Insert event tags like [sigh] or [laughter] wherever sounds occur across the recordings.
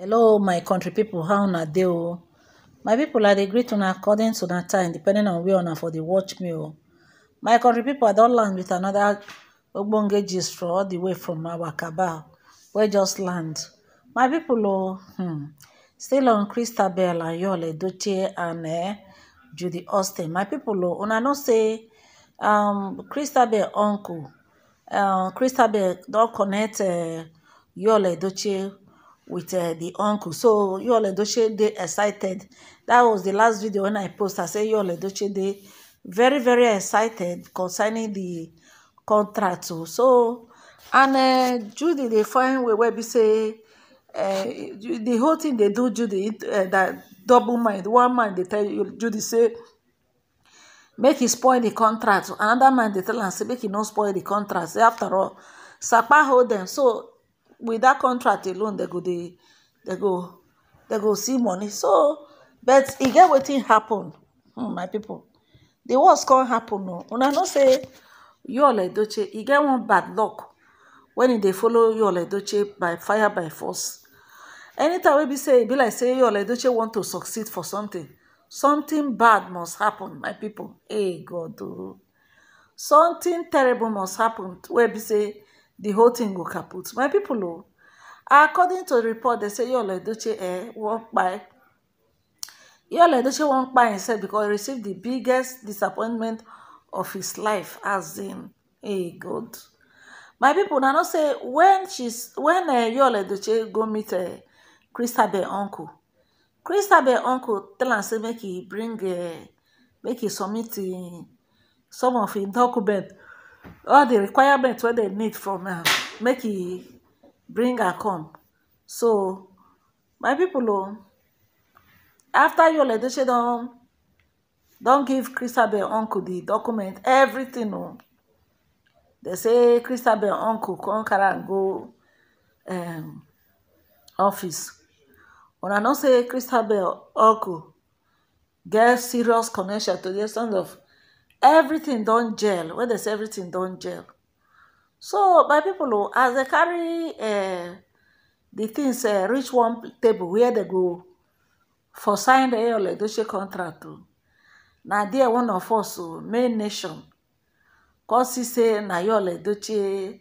hello my country people. how na dey o my people i dey greet una according to una time depending on where una for dey watch me Oh, my country people i don land with anoda ogbonge gist for all the way from our cabal. wey just land my people, oh, hmm still on christabel ayole doche and eh, judy austin my people, oh, una know say um christabel uncle Uh, christabel don connect eh, yole doche with uh, the uncle so Yul Edochie they excited that was the last video when i post i say Yul Edochie they very very excited concerning the contract too. Oh. so and uh, Judy dey find we wey be say uh, the whole thing they do Judy uh, that double mind one mind they tell Judy say make e spoil the contract another man they tell am say make e no spoil the contract say after all sapa hold dem so with that contract alone they go they go they go see money so but e get wetin happen hmm my pipo what's worst to happen I oh. don't say yul edoche you get one bad luck when they dey follow yul edoche by fire by force anytime we be say be like say yul edoche want to succeed for something something bad must happen my people. hey eh, god oh. something terrible must happen wey be say di whole tin go kaput my pipo are according to report dem say yoruba edoche kpai eh, kpa edoche wan kpai imsef becos e, e receive di biggest disappointment of his life as in a good. my pipo na know say wen she eh, edoche go meet eh, chris uncle christabel uncle tell am say make e bring make e submit some of im document. all the requirements wey they need from am um, make he bring her come so my people o oh, after Yul Edochie don don give Christabel uncle the document everything o oh, They say Christabel uncle come carry am go um, office una know say Christabel uncle get serious connection to the extent of everything don gel when they say everything don gel so my pipo oh, as they carry eh, the things eh, reach one table where they go for sign the eole edoche contract o oh, na there one of us oh, main nation come see say na eole edoche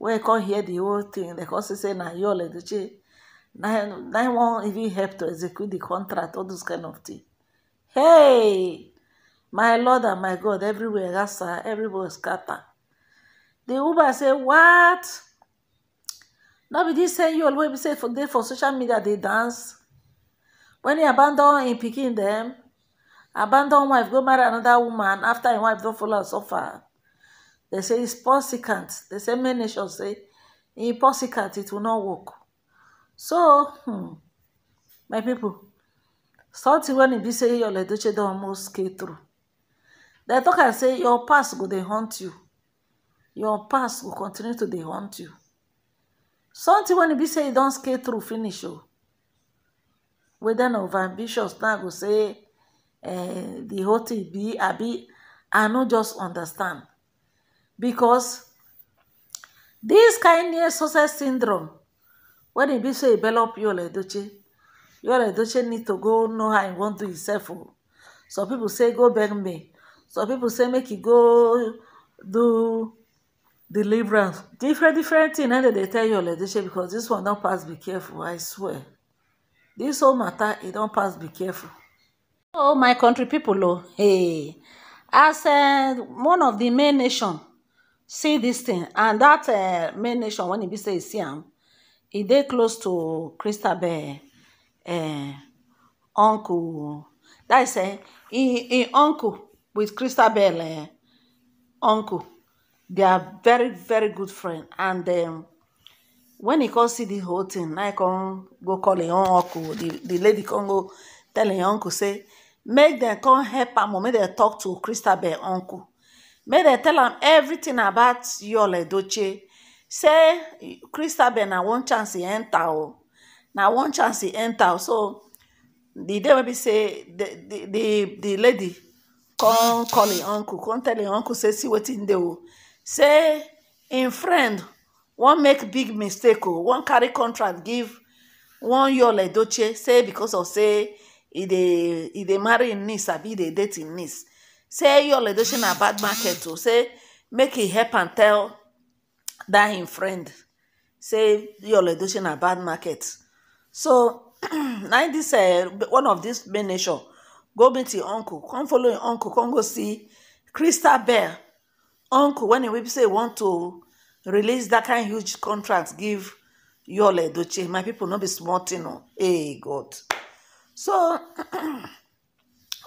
wey come hear the whole thing They come see say na eole edoche na im wan even help to execute the contract all those kind of thing hey my lord and my god everywhere rasa everywhere scatter the woman say what no be dis say you wey be say dey for social media dey dance When he abandon im pikin dem abandon wife go marry another woman after im wife don follow am suffer They say its possicant They say many nations say im possicant it will not work so hmm my people, something when he be say your ledoche don almost scale through They talk and say your past go they haunt you your past will continue to they haunt you something when you e be say you don't scale through finish o oh. whether of ambitious now go say eh, the whole thing be abi i not just understand because this kind of success syndrome when e be say e develop yul edoche yul edoche need to go know how you e want to yourself. E o oh. some pipo say go beg me some people say make you go do deliverance different different thing na dem dey tell you olodeshe because this one don pass be careful i swear this whole matter it e don't pass be careful. oh my country people oh, hey. as uh, one of the main nation see this thing and that uh, main nation when e be say Siam, e see am e dey close to christabel uh, eh, uncle that is uh, he uncle with Christabel um, eh, uncle. They are very, very good friend. And um, when he come see the whole thing, I come go call him uncle. The, the lady come go tell his uncle, say, make them come help am, make them talk to Christabel uncle. Make them tell him everything about Yul doche. Say, Christabel now one chance he enter oh. now one chance he enter. Oh. So, the day wey be say, the, the, the, the lady, Con call him uncle Con tell him uncle say see wetin dey o say him friend wan make big mistake o oh, wan carry contract give one yall edoche say because of say e dey marry him niece abi e dey date him niece say yall edoche na bad market o oh. say make he help am tell that him friend say yall edoche na bad market so [clears throat] na this dis eh, one of this main nation go meet your uncle come follow your uncle come go see crystal bell uncle When you say want to release that kind huge contract give your edoche my people not be smart, you know. hey god so [clears throat]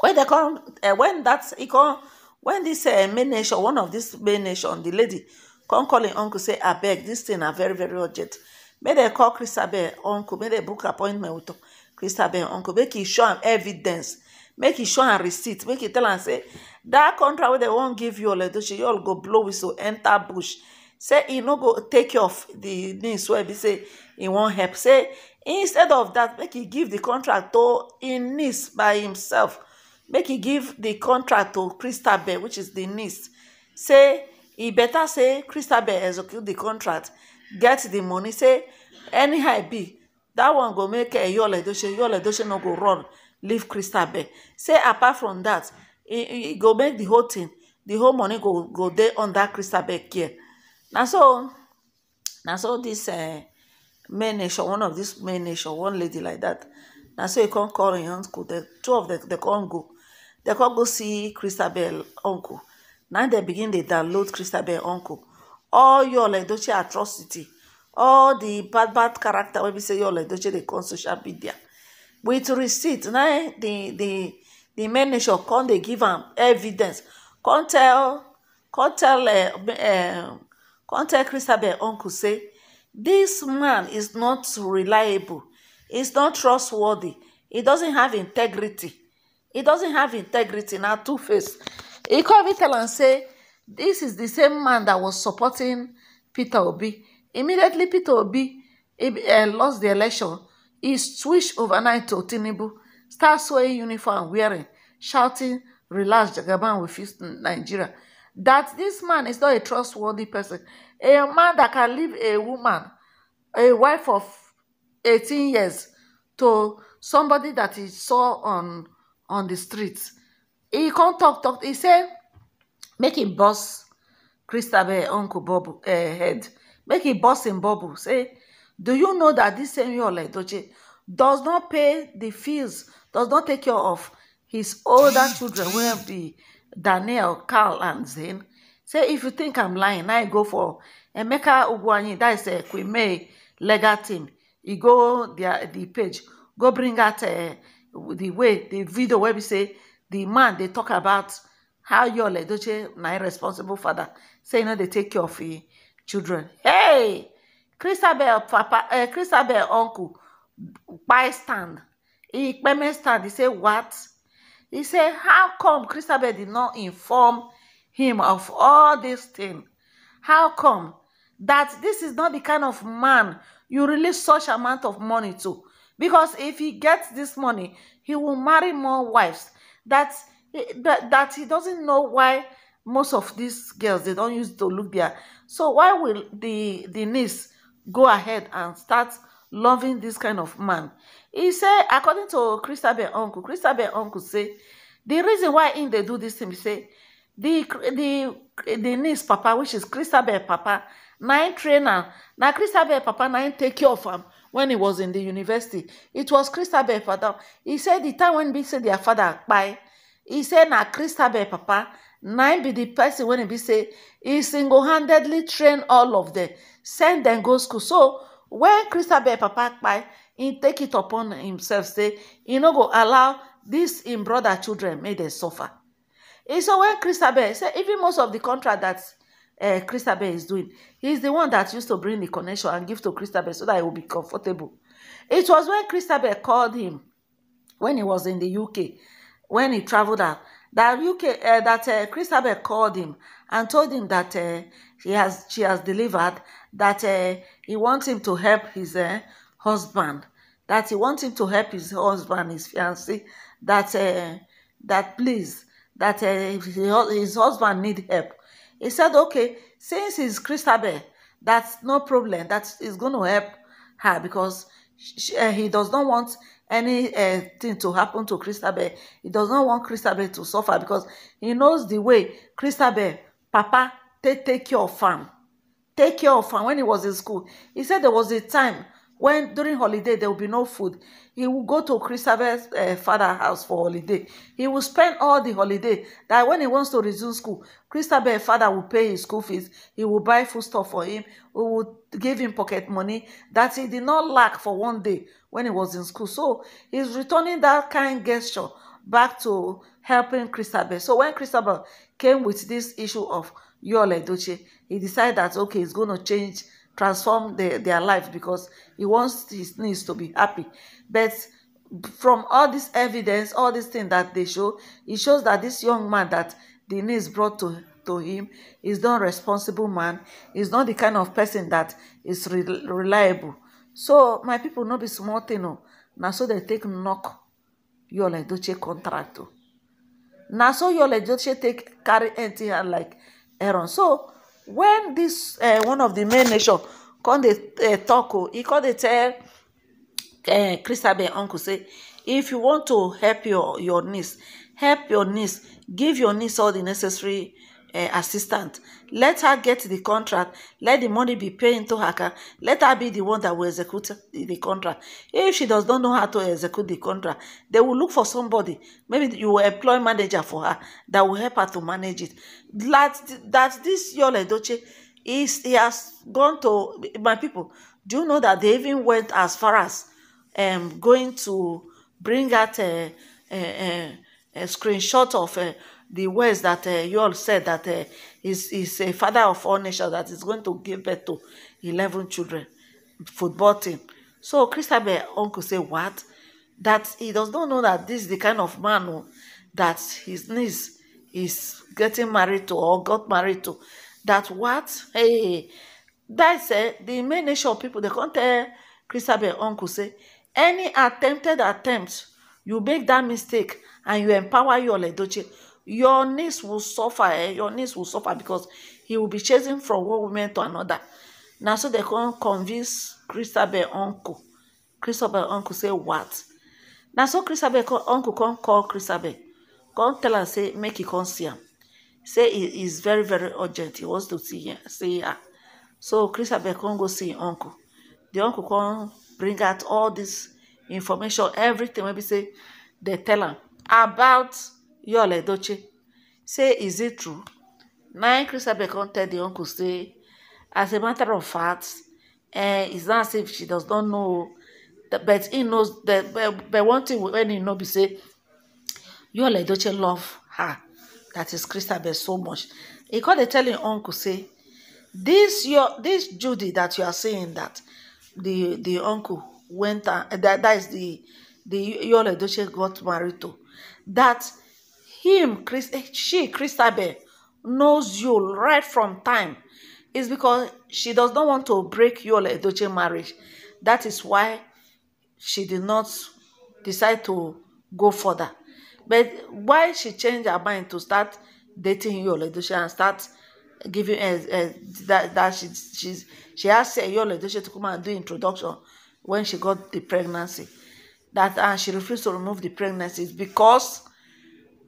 when they come eh, when that's he come when say eh, main nation one of this main nation the lady come call uncle say I beg. This thing are very very urgent May they call christabel uncle may they book appointment with christabel uncle make he show evidence make he show am receipt make he tell am say that contract wey dem wan give you oledoche you all go blow whistle enter bush say he no go take off the things wey He say he won't help say instead of that, make he give the contract to im niece by himself make he give the contract to christabel which is the niece say he better say christabel execute the contract get the money say anyhow e be that one go make eyole eh, edoche eyole edoche no go run leave crystal bell say apart from dat e go make the whole thing The whole money go go on that crystal bell here. Now so now so uh, main nation one of this main nation one lady like that. Now so e come call on uncle the two of the the come go dem come go see christabel uncle Now they begin they download christabel uncle all yall edoche atrocity all the bad bad character wey be say not you? They come social media With receipt na eh? the the the manager nation come dey give am evidence come tell come tell Uh, come tell christabel uncle say this man is not reliable he's not trustworthy he doesn't have integrity he doesn't have integrity na two face He come even tell am say this is the same man that was supporting peter obi immediately peter obi he lost the election He switched overnight to Tinubu, start sewing uniform and wearing, shouting, relax, Jagaban will fix Nigeria. That this man is not a trustworthy person. A man that can leave a woman, a wife of 18 years, to somebody that he saw on on the streets. He can't talk, talk. He say, make him boss Christabel, Uncle Bob uh, head. Make him boss him bubble. Say, Do you know that this same Yul Edochie does not pay the fees, does not take care of his older children, will be Daniel, Carl, and Zane? Say, if you think I'm lying, I go for Emeka Uguanyi, that is a Kwime legatim. team. You go the, the page, go bring out uh, the way, the video where we say, the man they talk about how your Edoche, my responsible father, say, you know, they take care of your children. Hey! Christabel papa uh, eh, Christabel uncle buy stand he payment stand he said, what he said, how come Christabel did not inform him of all this thing how come that this is not the kind of man you release such amount of money to because if he gets this money he will marry more wives that eh, that, that he doesn't know why most of these girls they don't use to look there so why will the the niece go ahead and start loving this kind of man. He said, according to Christabel Uncle, Christabel Uncle say, the reason why in they do this thing, he say, the, the, the niece papa, which is Christabel papa, nine trainer. Now Christabel papa nine take care of him when he was in the university. It was Christabel father. He said the time when he said their father bye, he said now Christabel papa nine be the person when he be say he single-handedly train all of them send them go school so when christabel papa kpai he take it upon himself say he no go allow this. In brother children may they suffer And so when christabel say even most of the contract dat eh, christabel is doing he's the one that used to bring the connection and give to christabel so that he will be comfortable it was when christabel called him when he was in the uk when he travelled out that uk eh, that eh, christabel called him and told him that he has she has delivered that uh, he wants him to help his uh, husband, that he wants him to help his husband, his fiancé, that uh, that please, that uh, his husband need help. He said, okay, since he's Christabel, that's no problem. That is going to help her because she, uh, he does not want anything uh, to happen to Christabel. He does not want Christabel to suffer because he knows the way Christabel, Papa, take, take care of farm take care of him when he was in school he said there was a time when during holiday there will be no food he will go to christabel's uh, father house for holiday he will spend all the holiday that when he wants to resume school Christopher's father will pay his school fees he will buy food stuff for him He will give him pocket money that he did not lack for one day when he was in school so he's returning that kind gesture back to helping christabel so when christabel came with this issue of Yul doche He decided that, okay, he's going to change, transform the, their life because he wants his niece to be happy. But from all this evidence, all these things that they show, it shows that this young man that the niece brought to to him is not responsible man He's not the kind of person that is re reliable so my people no be small thing o oh. now so they take knock yul edochie contract oh. now so yul edochie take carry anything like Aaron. So when this uh, one of the main nation come the uh, eh, talk, oh, he called dey tell uh, Christabel uncle say, if you want to help your your niece, help your niece, give your niece all the necessary uh, assistant. Let her get the contract. Let the money be paid into her account. Let her be the one that will execute the, the contract. If she does not know how to execute the contract, they will look for somebody. Maybe you will employ manager for her that will help her to manage it. That, that this Yole Doche is he has gone to my people. Do you know that they even went as far as um going to bring out a, a, a, a screenshot of a uh, the words that uh, you all said that uh, is is a father of all nations that is going to give birth to eleven children football team so christabel uncle say what that he does not know that this is the kind of man who, oh, that his niece is getting married to or got married to that what hey that's uh, eh, the main nation of people they can't tell christabel uncle say any attempted attempt you make that mistake and you empower your ledoche your niece will suffer eh? your niece will suffer because he will be chasing from one woman to another Now, so they come convince christabel uncle christabel uncle say what Now, so christabel uncle come call christabel come tell am say make it come see say it is is very very urgent he wants to see her see her so christabel come go see uncle the uncle come bring out all this information everything Maybe say they tell am about Yul Edochie say is it true Now, im Christabel come tell the uncle say as a matter of fact um it's not as if she does not know o but he knows that but, but one thing wey im know be say Yul Edochie love her that is Christabel so much He come dey tell uncle say this your this Judy that you are saying that the the uncle went and that, that is the the Yul Edochie got married to that him, Chris, eh, she, Christabel, knows you right from time It's because she does not want to break your Edoche marriage. That is why she did not decide to go further. But why she changed her mind to start dating your Edoche and start giving uh, uh, that that she she's, she asked your Edoche to come and do introduction when she got the pregnancy. That and she refused to remove the pregnancy because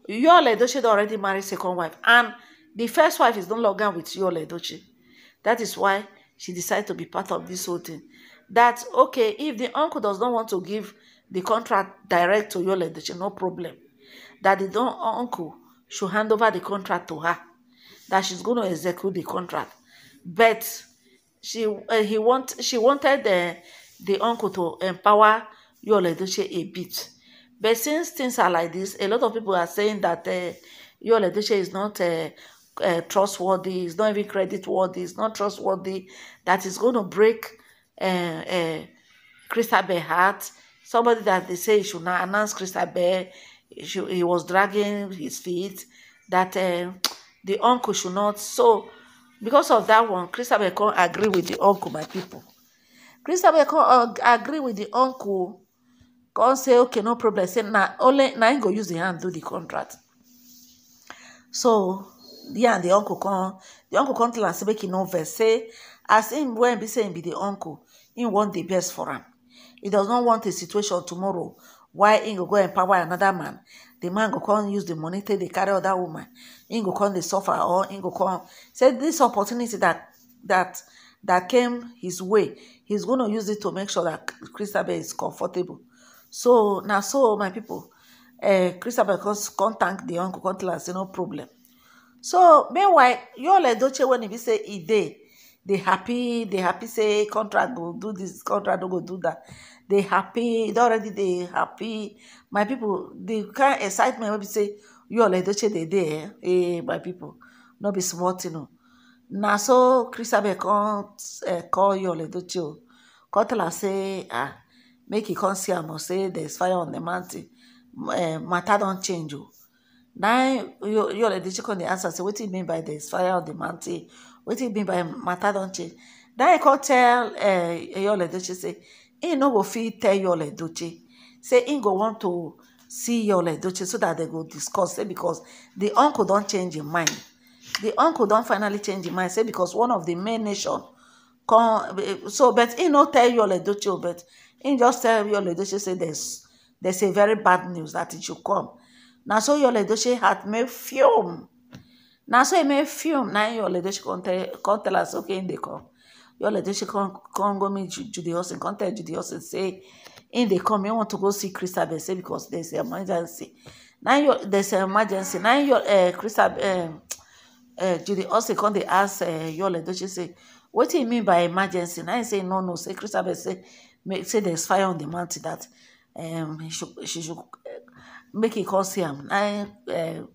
Yul Edochie don already married second wife and the first wife is no longer with Yul Edochie. That is why she decided to be part of this whole thing. That, okay, if the uncle does not want to give the contract direct to Yul Edochie, no problem. That the uncle should hand over the contract to her. That she's going to execute the contract. But she uh, he want she wanted the, eh, the uncle to empower Yul Edochie a bit. But since things are like this, a lot of people are saying that uh, your leadership is not uh, uh, trustworthy, it's not even credit worthy, it's not trustworthy, that is going to break uh, uh, heart. Somebody that they say should not announce Crystal he was dragging his feet, that uh, the uncle should not. So, because of that one, Crystal can't agree with the uncle, my people. Crystal can't agree with the uncle come say okay no problem say "Now, only na im go use the hand do the contract so yeah and the uncle come The uncle come to am say make e no say as him when be say him be the uncle He want the best for him. He does not want a situation tomorrow why he go go empower another man The man go come use the money to dey carry other woman him go come dey suffer or him go come say this opportunity that that that came his way he's going to use it to make sure that christabel is comfortable so now, so my people, pipo eh, christabel come thank the uncle come tell am say no problem so meanwhile you yole edoche when e be say e dey dey happy they happy say contract go do this, contract no go do that, they happy they already they happy my people, di kind excitement wey be say you yole edoche they there, eh? eh my people, no be smart, oh. eh, you know. Now so christabel come call yole edoche o oh. come tell us say ah make e come see am o say there's fire on the mountain eh, matter don't change Oh, o na e, yio adeosun dey answer say what do you mean by there's fire on the mountain What do you mean by matter don't change Then e come tell eh, yio adeosun say He no go fit tell yio adeosun say he go want to see yio adeosun so that they go discuss say because the uncle don't change his mind the uncle don't finally change his mind say because one of the main nation come eh, so but he no tell yio adeosun but He just tell Yul Edochie say there's there's a very bad news that it should come. Now so Yul Edochie had me fume. Now so he made film. Na Yul Edochie come tell, come tell us okay in dey come. Yul Edochie come come go meet Judy Austin. Come tell Judy Austin say in dey come. You want to go see Crystal say because there's an emergency. Now your there's an emergency. Now your uh, eh, Crystal. Uh, eh, uh, eh, Judy also come dey ask uh, Yul Edochie say what do you mean by emergency Now he say no no say Christabel say make say there's fire on the mountain that um, she she eh, make e come see am na im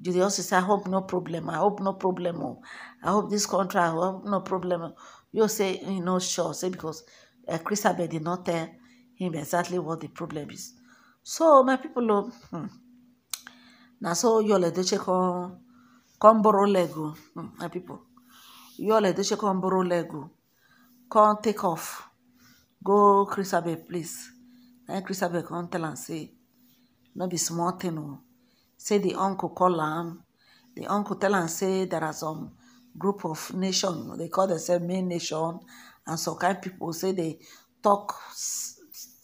judea also say i hope no problem i hope no problem o oh, i hope dis contract i hope no problem you say e no sure say becos eh, chris abedi not tell him exactly what di problem is so my pipolo oh, hmm. na so yole eh, doso come come borrow leg o oh, hmm, my pipo yole doso come borrow leg o come take off. go chris place and chris abeg come tell am say no be small thing o say di uncle call am di uncle tell am say there are some group of nation dem call themselves main nation and some kind pipo say dey talk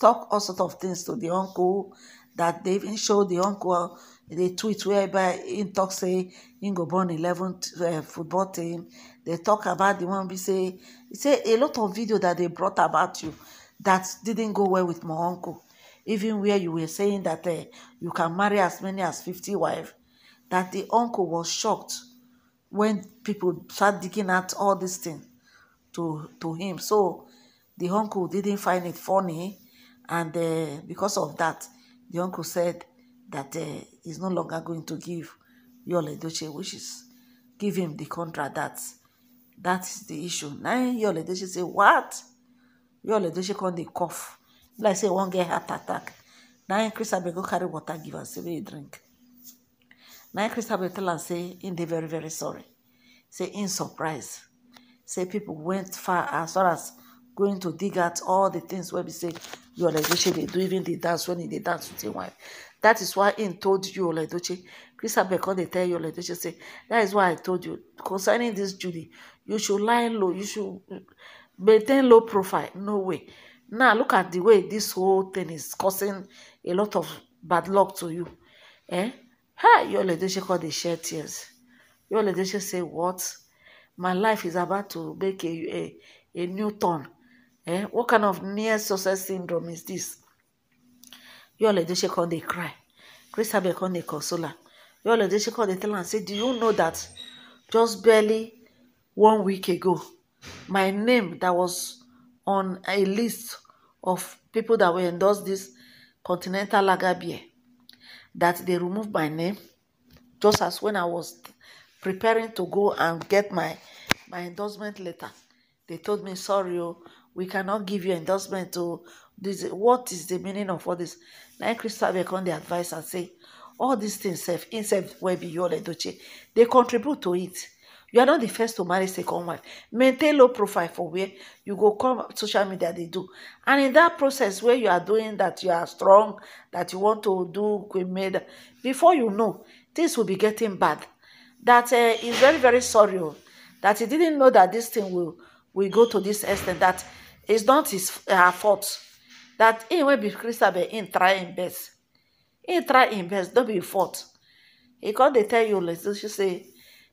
talk all sort of tins to di uncle that even show di uncle di uh, tweet whereby him tok say him go born 11 th uh, football team. They talk about the one we say, say a lot of video that they brought about you that didn't go well with my uncle. Even where you were saying that uh, you can marry as many as 50 wives, that the uncle was shocked when people start digging out all these things to, to him. So the uncle didn't find it funny. And uh, because of that, the uncle said that uh, he's no longer going to give your Doche wishes, give him the contract that that's the issue. Now your lady she say what? Your lady she come the cough. Like say one get heart attack. Now Chris Abe go carry water give her say make drink. Now Chris Abe tell her say in the very very sorry. Say in surprise. Say people went far as far as going to dig out all the things where we say your lady she they do even the dance when they dance with him wife. That is why he told you, Oledoche. Christian Becon, they tell you, Oledoche, say, that is why I told you, concerning this Judy, you should lie low, you should maintain low profile. No way. Now, look at the way this whole thing is causing a lot of bad luck to you. Eh? Ha, your Oledoche called the share tears. Your Oledoche say, what? My life is about to make a, a, a new turn. Eh? What kind of near success syndrome is this? Yul she called they cry. Christabel come dey console am. Yul she called they tell and say, "Do you know that just barely one week ago, my name that was on a list of people that were endorsed this Continental Lager beer, that they removed my name just as when I was preparing to go and get my my endorsement letter. They told me, sorry, oh, we cannot give you endorsement. to oh, this, what is the meaning of all this? Now, Crystal Beck on the advice and say, all these things, self, self be your doche. they contribute to it. You are not the first to marry second wife. Maintain low profile for where you go come social media they do. And in that process where you are doing that, you are strong, that you want to do made before you know, things will be getting bad. That uh, eh, is very, very sorry oh, that he didn't know that this thing will, will go to this extent, that it's not his, her fault. dat him wey be christian but him try him best him try him best no be im fault e com dey tell you o say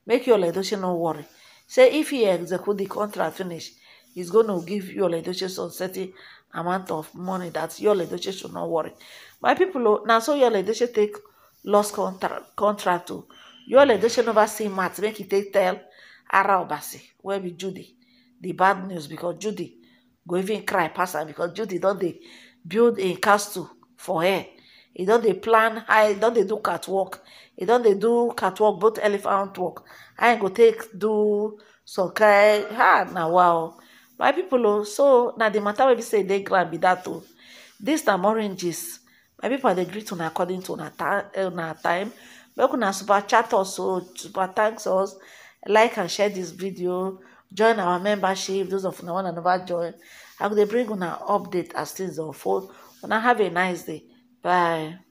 make your o no worry say if he execute di contract finish he's go to give your o some son certain amount of money dat your o should not worry my pipo oh, na so your o take lost contract contract oh. o your o never see matt make e take tell ara obasi wey be judy di bad news becos judy go even cry pass am becos judy don dey build a castle for her e don dey plan how Don't they do catwalk e don dey do catwalk both elephant walk I go take do so cry. Ha! Now wow my people. o oh, so now the matter wey be say they e grab be that oh. too. dis na oranges. my people, they greet una according to eh, una time make una super chat also, oh, super thanks us like and share this video join our membership those of who one another join i will bring on an update as things unfold I have a nice day bye